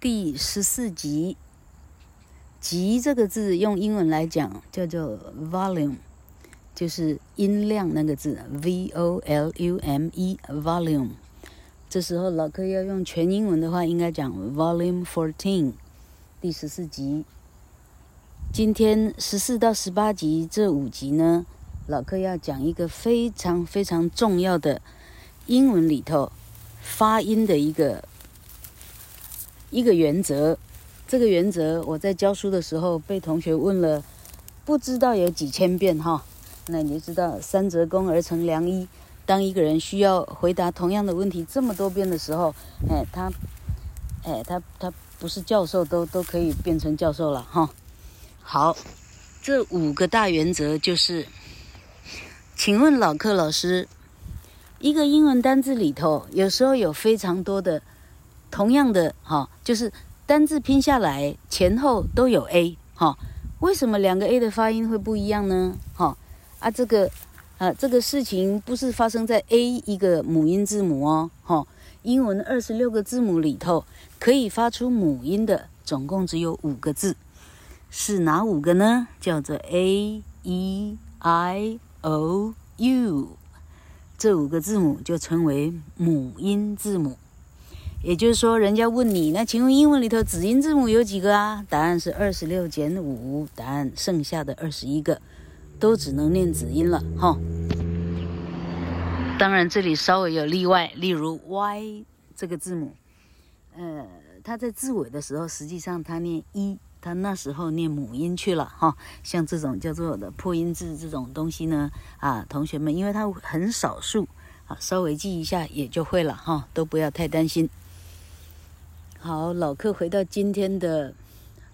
第十四集，“集”這個字用英文來講叫做 “volume”，就是音量那個字，v o l u m e，volume。E、這時候老克要用全英文的話，應該講 “volume fourteen”，第十四集。今天十四到十八集這五集呢，老克要講一個非常非常重要的英文裡頭發音的一個，一個原則，這個原則我在教書的時候被同學問了，不知道有幾千遍哈。那你就知道三折肱而成良醫，當一個人需要回答同樣的問題這麼多遍的時候，哎，他，哎，他他，他不是教授都都可以變成教授了哈。好，這五個大原則就是，請問老克老師，一個英文單字裡頭有時候有非常多的。同樣的哈、哦，就是單字拼下來前後都有 a 哈、哦，為什麼兩個 a 的發音會不一樣呢？哈、哦、啊，這個啊，這個事情不是發生在 a 一個母音字母哦。哈、哦，英文二十六個字母裡頭可以發出母音的，總共只有五個字，是哪五個呢？叫做 A E I O U，這五個字母就稱為母音字母。也就是說，人家問你，那請問英文裡頭子音字母有幾個啊？答案是二十六減五，5，答案剩下的二十一個都只能念子音了哈。哦、當然，這裡稍微有例外，例如 Y 這個字母，呃，它在字尾的時候，實際上它念一，它那時候念母音去了哈、哦。像這種叫做的破音字這種東西呢，啊，同學們，因為它很少數啊，稍微記一下也就會了哈、哦，都不要太擔心。好，老客，回到今天的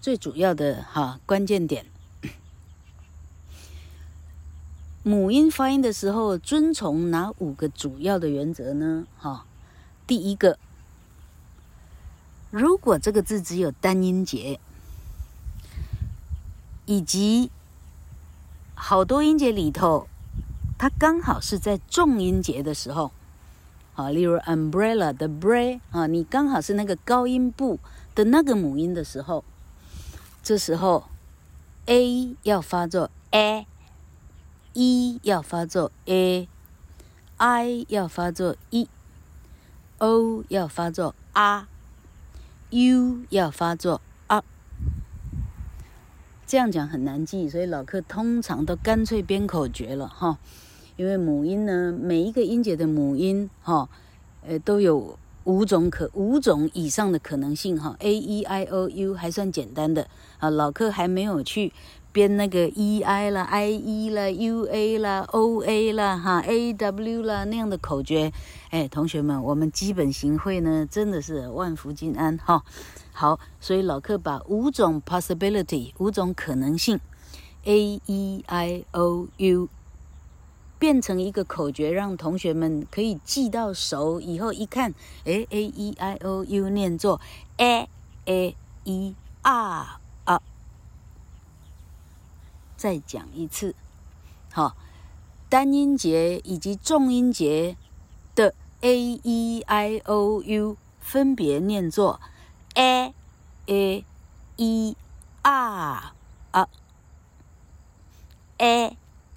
最主要的哈，關鍵點，母音發音的時候遵從哪五個主要的原則呢？哈，第一個，如果這個字只有單音節，以及好多音節裡頭，它剛好是在重音節的時候。好，例如 umbrella 的 bra，啊，你剛好是那個高音部的那個母音的時候，這時候 a 要發作 a，e 要發作 a，i 要發作 e，o 要發作 r，u 要發作 r。這樣講很難記，所以老客通常都乾脆編口訣了哈。因為母音呢，每一個音節的母音哈，呃、哦，都有五種可，五種以上的可能性哈、哦、a e i o u 還算簡單的啊，老克還沒有去編那個 e i 了，i e 了，u a 了，o a 了哈，a w 了那樣的口訣，哎，同學們，我們基本行會呢，真的是萬福金安哈、哦。好，所以老克把五種 possibility 五種可能性，a e i o u。變成一個口訣，讓同學們可以記到熟。以後一看，哎，a, a e i o u 唸作 a a e r 啊。再講一次，好，單音節以及重音節的 a e i o u 分別唸作 a a e r 啊，a a e。R a a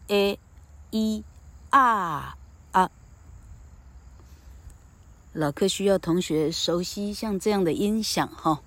a e r a 啊啊！老克需要同學熟悉像這樣的音響哈、哦，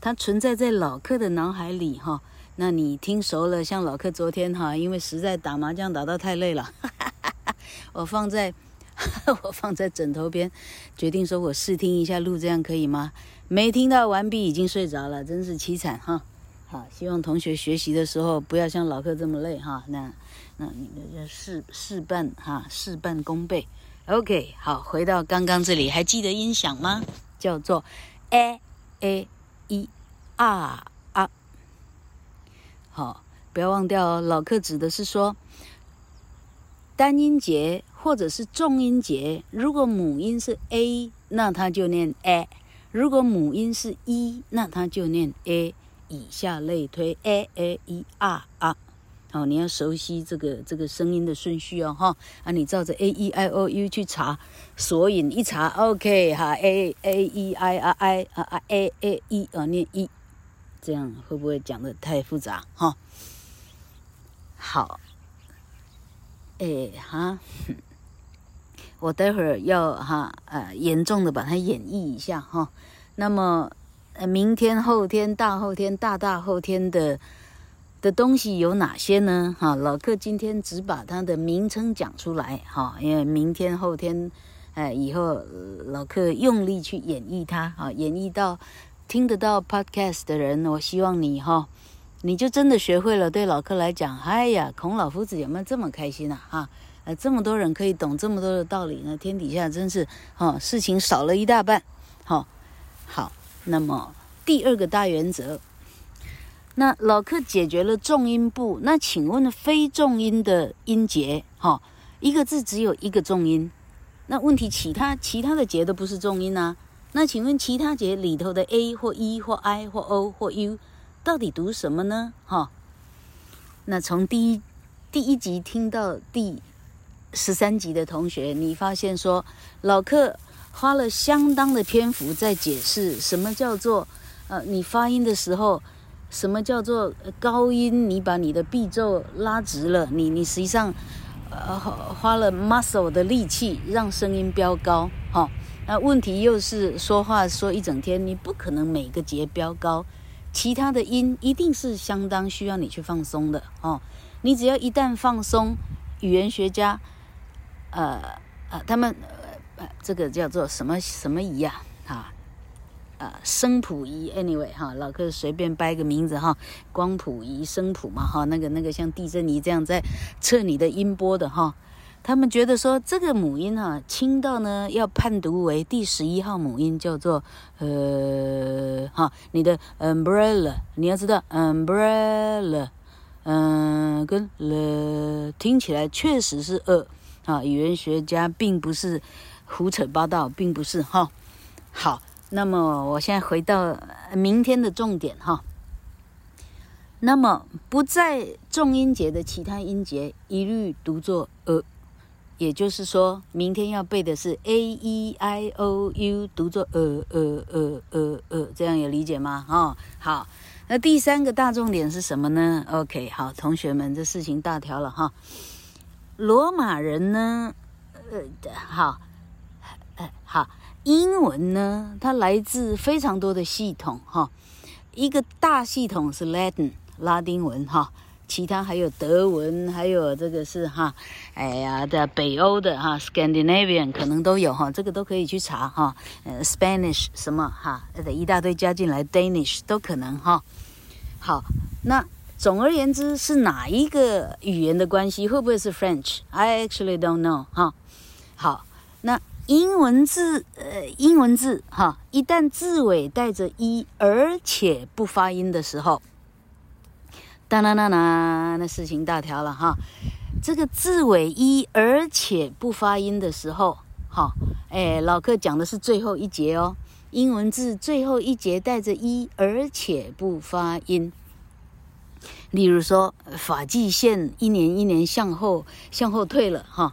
它存在在老克的腦海裡哈、哦。那你聽熟了，像老克昨天哈、哦，因為實在打麻將打到太累了，哈哈哈哈我放在哈哈我放在枕頭邊，決定說我試聽一下錄，這樣可以嗎？沒聽到完畢已經睡着了，真是淒慘哈、哦。好，希望同學學習的時候不要像老克這麼累哈、哦。那。那你那叫事事半哈，事半功倍。OK，好，回到剛剛這裡，還記得音響嗎？叫做 ㄝ、ㄝ、ㄧ、啊、啊。好，不要忘掉哦。老客指的是說，單音節或者是重音節，如果母音是 A，那它就念 A；如果母音是 E，那它就念 A。以下類推：ㄝ、ㄝ、ㄧ、啊、啊。哦，你要熟悉這個這個聲音的順序哦，哈啊，你照着 A E I O U 去查索引一查，OK，哈 a a e i 啊 i 啊啊 a, a a e 啊念 e，這樣會不會講得太複雜？哈、哦，好，誒，哈，我待會兒要哈、啊、呃嚴重的把它演繹一下哈、哦，那麼明天後天大後天大大後天的。的東西有哪些呢？哈，老克今天只把它的名稱講出來，哈，因為明天、後天，哎、呃，以後、呃、老克用力去演繹它，啊，演繹到聽得到 Podcast 的人，我希望你，哈、哦，你就真的學會了。對老克來講，哎呀，孔老夫子有沒有這麼開心啊？哈、啊，呃，這麼多人可以懂這麼多的道理呢？天底下真是，哈、哦，事情少了一大半，哈、哦，好。那麼第二個大原則。那老克解決了重音部，那請問非重音的音節哈，一個字只有一個重音，那問題其他其他的節都不是重音吶、啊，那請問其他節裡頭的 a 或 e 或 i 或 o 或 u 到底讀什麼呢？哈，那從第一第一集聽到第十三集的同學，你發現說老克花了相當的篇幅在解釋什麼叫做呃你發音的時候。什麼叫做高音？你把你的臂奏拉直了，你你實際上，呃，花了 muscle 的力氣讓聲音飆高，哈，哦。那問題又是說話說一整天，你不可能每個節飆高，其他的音一定是相當需要你去放鬆的，哦。你只要一旦放鬆，語言學家，呃呃，他們呃這個叫做什麼什麼儀啊，啊。呃，聲譜儀，anyway 哈，老哥隨便掰個名字哈，光譜儀、聲譜嘛哈，那個那個像地震儀這樣在測你的音波的哈。他們覺得說這個母音哈，輕到呢要判讀為第十一號母音，叫做呃哈，你的 umbrella，你要知道 umbrella，嗯、呃，跟了聽起來確實是呃啊，語言學家並不是胡扯八道，並不是哈，好。那麼，我現在回到明天的重點哈。那麼，不在重音節的其他音節一律讀作“呃”，也就是說，明天要背的是 A、E、I、O、U 讀作“呃、呃、呃、呃、呃、呃”，呃、這樣有理解嗎？哦，好。那第三個大重點是什麼呢？OK，好，同學們，這事情大條了哈、哦。羅馬人呢？呃，好，呃，好。英文呢，它來自非常多的系統哈，一個大系統是 Latin 拉丁文哈，其他還有德文，還有這個是哈，哎呀的北歐的哈 Scandinavian 可能都有哈，這個都可以去查哈，呃 Spanish 什麼哈，一大堆加進來，Danish 都可能哈。好，那總而言之是哪一個語言的關係？會不會是 French？I actually don't know 哈。好，那。英文字，呃，英文字，哈、哦，一旦字尾帶着一，而且不發音的時候，當當當當，那事情大條了哈、哦。這個字尾一，而且不發音的時候，哈、哦，哎，老克講的是最後一節哦。英文字最後一節帶着一，而且不發音，例如說，髮際線一年一年向後向後退了哈。哦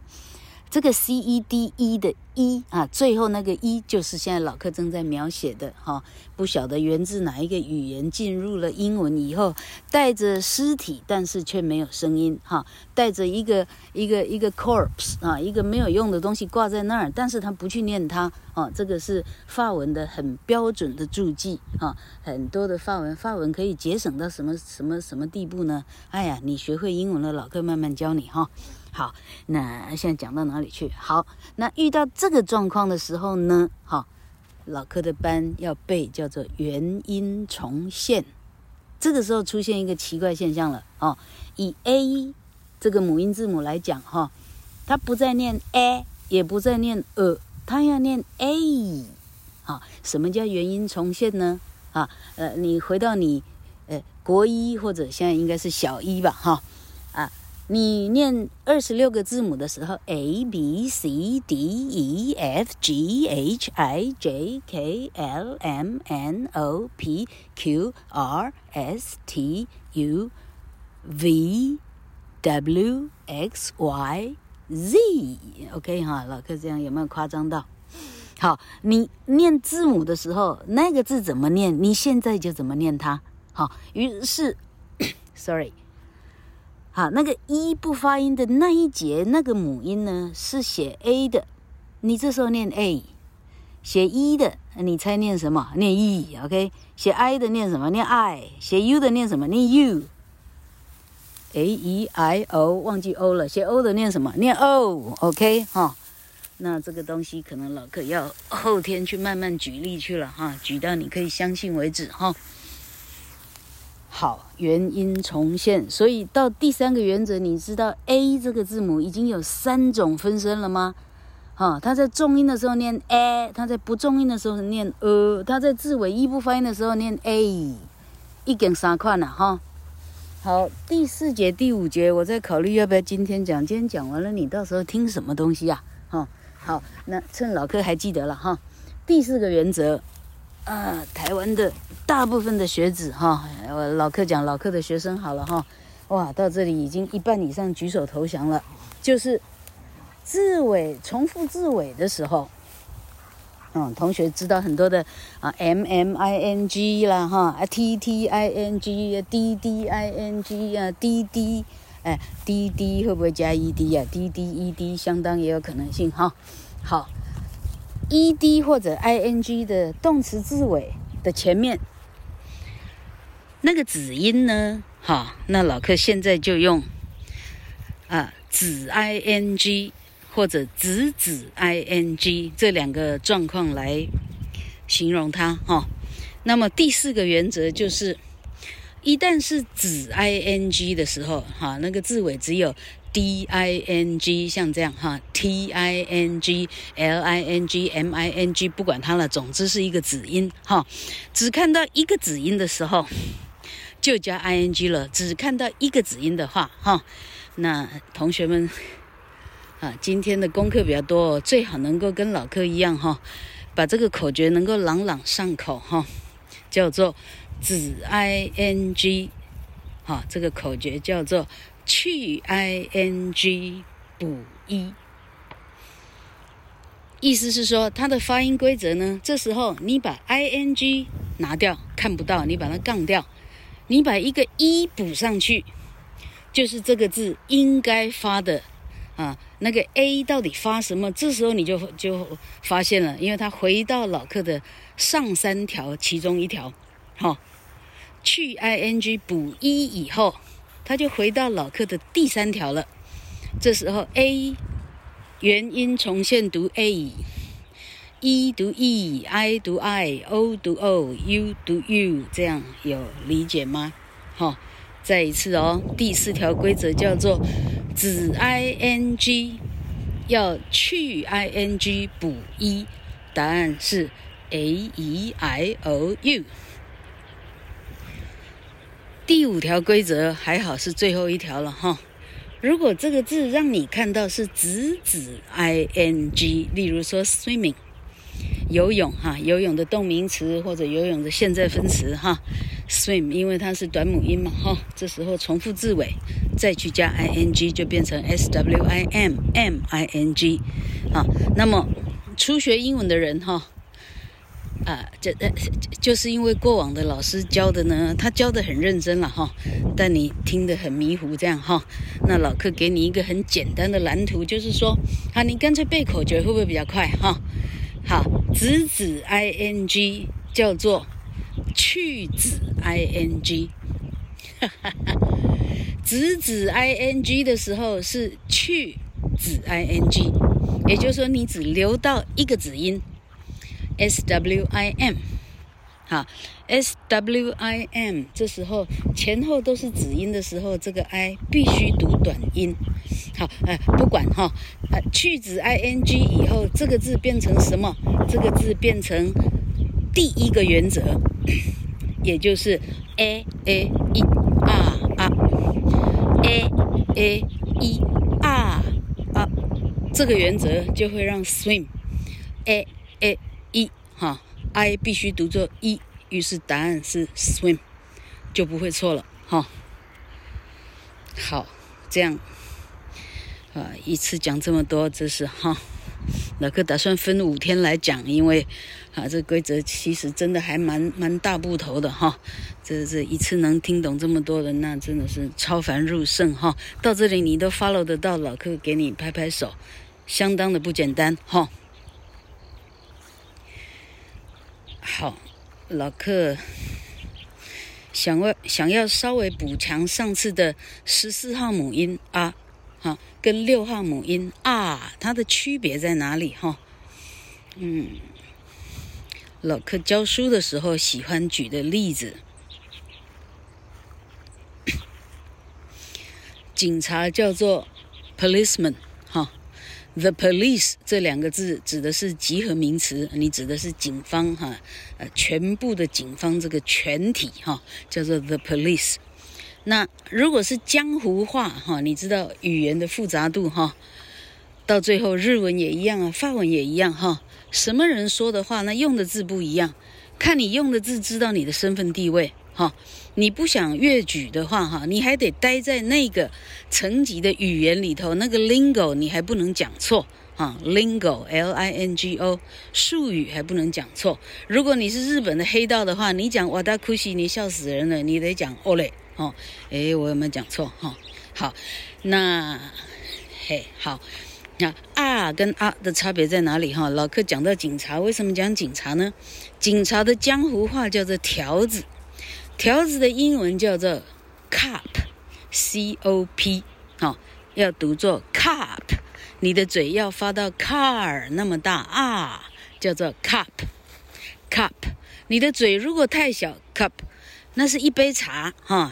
這個 c e d e 的 e 啊，最後那個 e 就是現在老客正在描寫的哈、啊，不曉得源自哪一個語言進入了英文以後，帶着屍體，但是卻沒有聲音哈、啊，帶着一個一個一個 corpse 啊，一個沒有用的東西掛在那兒，但是他不去念它哦、啊，這個是法文的很標準的注記哈、啊，很多的法文，法文可以節省到什麼什麼什麼地步呢？哎呀，你學會英文了，老客慢慢教你哈。啊好，那現在講到哪裡去？好，那遇到這個狀況的時候呢？哈，老科的班要被叫做元音重現，這個時候出現一個奇怪現象了。哦，以 A 這個母音字母來講，哈、哦，它不再念 a，也不再念 e，、呃、它要念 a。啊、哦，什麼叫元音重現呢？啊、哦，呃，你回到你，呃，國一或者現在應該是小一吧？哈、哦。你念二十六個字母的時候，a b c d e f g h i j k l m n o p q r s t u v w x y z。OK 哈，老師這樣有沒有誇張到？好，你念字母的時候，那個字怎麼念？你現在就怎麼念它？好，於是 ，sorry。好，那個一、e、不發音的那一節，那個母音呢是寫 a 的，你這時候念 a，寫 e 的，你猜念什麼？念 e。OK，寫 i 的念什麼？念 i。寫 u 的念什麼？念 u。a e i o 忘記 o 了，寫 o 的念什麼？念 o。OK，哈、哦，那這個東西可能老客要後天去慢慢舉例去了哈、啊，舉到你可以相信為止哈。啊好，元音重現，所以到第三個原則，你知道 a 這個字母已經有三種分身了嗎？哈，它在重音的時候念 a，它在不重音的時候念呃，它在字尾音不發音的時候念 a，一根三塊呢、啊。哈。好，第四節、第五節，我在考慮要不要今天講，今天講完了，你到時候聽什麼東西呀、啊？哈，好，那趁老客還記得了哈。第四個原則，呃，台灣的。大部分的學子哈，哦、我老柯講老柯的學生好了哈、哦，哇，到這裡已經一半以上舉手投降了，就是字，字尾重複字尾的時候，嗯，同學知道很多的啊，m m i n g 啦哈，t t i n g、d d i n g 啊 d d i n g 啊，D D 哎，d D 會不會加 e d 呀、啊、？d d e d 相當也有可能性哈、哦，好，e d 或者 i n g 的動詞字尾的前面。那個子音呢？哈，那老克現在就用啊子 i n g 或者子子 i n g 這兩個狀況來形容它哈。那麼第四個原則就是，一旦是子 i n g 的時候哈，那個字尾只有 d i n g，像這樣哈 t i n g l i n g m i n g，不管它了，總之是一個子音哈。只看到一個子音的時候，就加 i n g 了，只看到一個子音的話，哈、哦，那同學們啊，今天的功課比較多，最好能夠跟老科一樣，哈、哦，把這個口訣能夠朗朗上口，哈、哦，叫做子 i n g，哈、哦，這個口訣叫做去 i n g 補一，意思是說它的發音規則呢，這時候你把 i n g 拿掉，看不到，你把它槓掉。你把一個一、e、補上去，就是這個字應該發的，啊，那個 a 到底發什麼？這時候你就就發現了，因為它回到老課的上三條其中一條，哈、啊，去 i n g 補一、e、以後，它就回到老課的第三條了。這時候 a 原音重現讀 a。e 讀 e，i 讀 i，o 讀 o，u 讀 u，這樣有理解嗎？好、哦，再一次哦，第四條規則叫做子 i n g 要去 i n g 補 E，答案是 a e i o u。第五條規則還好是最後一條了哈、哦，如果這個字讓你看到是子指 i n g，例如說 swimming。游泳哈，游泳的動名詞或者游泳的現在分詞哈，swim，因為它是短母音嘛哈，這時候重複字尾，再去加 i n g 就變成 s w i m m i n g，啊，那麼初學英文的人哈，啊，就啊就是因為過往的老師教的呢，他教的很認真了哈，但你聽得很迷糊這樣哈，那老克給你一個很簡單的藍圖，就是說，啊你乾脆背口訣會不會比較快哈？好。子子 ing 叫做去子 ing， 子子 ing 的時候是去子 ing，也就是說，你只留到一個子音 SWIM。好 SWIM 這時候前後都是子音的時候，這個 I 必須讀短音。好，哎、呃，不管哈，呃、哦，去子 i n g 以後，這個字變成什麼？這個字變成第一個原則，也就是 a a 1 r 啊，啊 a a 1 r 啊，啊，這個原則就會讓 swim a a 1哈，i 必須讀作一、e，於是答案是 swim，就不會錯了哈。好，這樣。啊，一次講這麼多，這是哈、哦，老克打算分五天來講，因為啊，這規則其實真的還蠻蠻大部頭的哈、哦。這這一次能聽懂這麼多人，那真的是超凡入聖哈、哦。到這裡你都 follow 得到，老克給你拍拍手，相當的不簡單哈、哦。好，老克，想問，想要稍微補強上次的十四號母音啊。好，跟六號母音啊，它的區別在哪裡？哈，嗯，老克教書的時候喜歡舉的例子，警察叫做 policeman，哈、啊，the police 這兩個字指的是集合名詞，你指的是警方，哈，呃，全部的警方這個全體，哈、啊，叫做 the police。那如果是江湖話哈，你知道語言的複雜度哈，到最後日文也一樣啊，法文也一樣哈。什麼人說的話，那用的字不一樣，看你用的字知道你的身份地位哈。你不想越舉的話哈，你還得待在那個層級的語言裡頭，那個 lingo 你還不能講錯啊，lingo L I N G O, 術語還不能講錯。如果你是日本的黑道的話，你講 watakushi，你笑死人了，你得講 ole。Ole 哦，哎，我有沒有講錯哈、哦？好，那嘿好，那啊跟啊的差別在哪裡哈、哦？老客講到警察，為什麼講警察呢？警察的江湖話叫做條子，條子的英文叫做 cop，C O P，哈、哦，要讀作 cop，你的嘴要發到 car 那麼大，啊，叫做 cop，cop，cup, 你的嘴如果太小 cup，那是一杯茶哈。哦。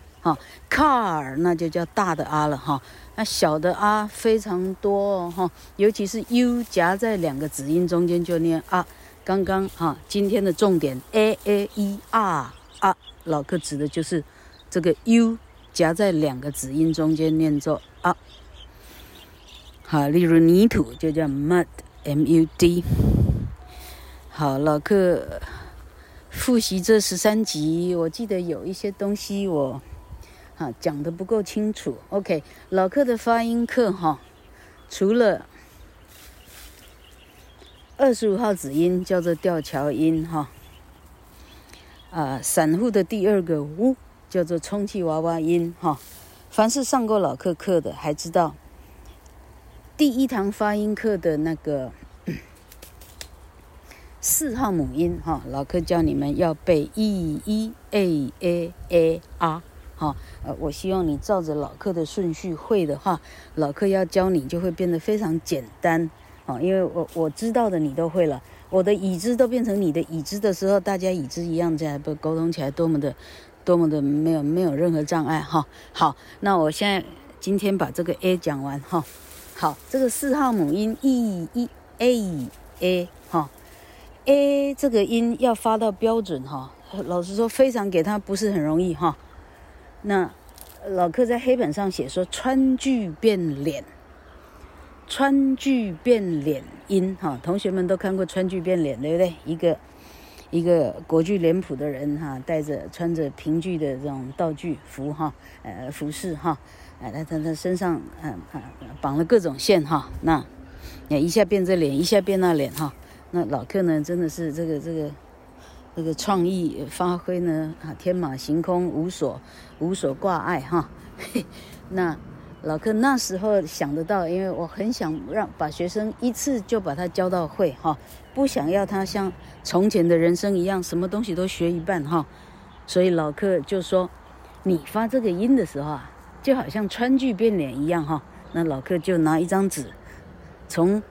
好 car 那就叫大的啊了哈，那小的啊非常多哈，尤其是 u 夾在兩個子音中間就念啊。剛剛啊，今天的重點 a a e r 啊，老哥指的就是這個 u 夾在兩個子音中間念作啊。好，例如泥土就叫 mud m, ud, m u d。好，老克，複習這十三集，我記得有一些東西我。啊，講的不夠清楚。OK，老客的發音課哈，除了二十五號子音叫做吊橋音哈，啊，散戶的第二個嗚叫做充氣娃娃音哈。凡是上過老客課的，還知道第一堂發音課的那個四號母音哈，老客教你們要背 e e a a a r。哈、哦、呃，我希望你照着老客的順序會的話，老客要教你就會變得非常簡單。哦，因為我我知道的你都會了，我的已知都變成你的已知的時候，大家已知一樣在不溝通起來，多麼的，多麼的沒有沒有任何障礙哈、哦。好，那我現在今天把這個 A 講完哈、哦。好，這個四號母音 E E A A 哈、哦，A 這個音要發到標準哈、哦。老實說，非常給他不是很容易哈。哦。那老克在黑板上寫說：“川劇變臉，川劇變臉音哈。”同學們都看過川劇變臉，對不對？一個一個國劇臉譜的人哈，戴著穿着平劇的這種道具服哈，呃，服飾哈，哎，他他他，他身上嗯綁了各種線哈，那一下變這臉，一下變那臉哈。那老克呢，真的是這個這個。那個創意發揮呢啊，天馬行空，無所無所掛礙哈。 那老克那時候想得到，因為我很想讓把學生一次就把他教到會哈，不想要他像從前的人生一樣，什麼東西都學一半哈。所以老克就說，你發這個音的時候啊，就好像川劇變臉一樣哈。那老克就拿一張紙，從。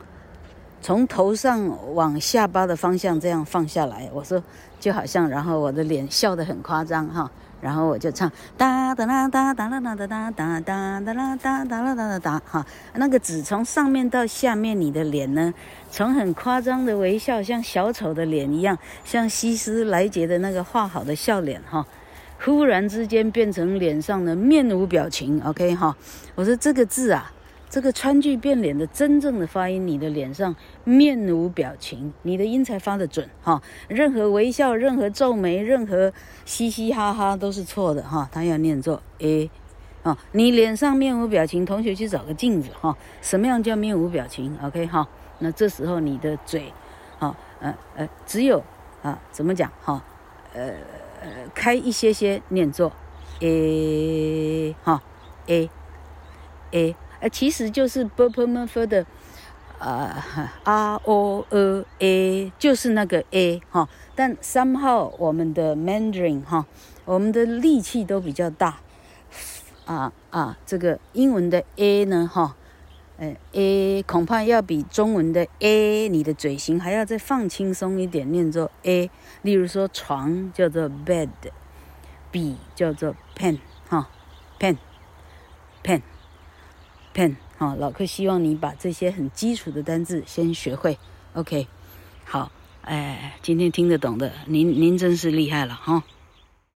從頭上往下巴的方向這樣放下來，我說就好像，然後我的臉笑得很誇張哈，然後我就唱噠噠啦噠噠啦噠噠噠噠噠啦噠噠啦噠噠噠哈，那個字從上面到下面，你的臉呢，從很誇張的微笑，像小丑的臉一樣，像希斯萊傑的那個畫好的笑臉哈，忽然之間變成臉上的面無表情，OK 哈，我說這個字啊。這個川劇變臉的真正的發音，你的臉上面無表情，你的音才發得準哈、哦。任何微笑、任何皺眉、任何嘻嘻哈哈都是錯的哈。他、哦、要念作 a，啊、欸哦，你臉上面無表情。同學去找個鏡子哈、哦，什麼樣叫面無表情？OK 哈、哦。那這時候你的嘴，哈、哦，呃呃，只有啊、哦，怎麼講哈？呃、哦、呃，開一些些念作 a 哈，a a。欸哦欸欸。呃，其實就是 purple m、呃、o t h e 的呃，r o o a，就是那個 a 哈。但三號我們的 mandarin 哈，我們的力氣都比較大啊啊，這個英文的 a 呢哈，哎、呃、a 恐怕要比中文的 a，你的嘴型還要再放輕鬆一點，念作 a。例如說床叫做 bed，筆叫做 pen 哈，pen pen。pen，好，老客希望你把這些很基礎的單字先學會，OK，好，哎，今天聽得懂的，您您真是厲害了哈。哦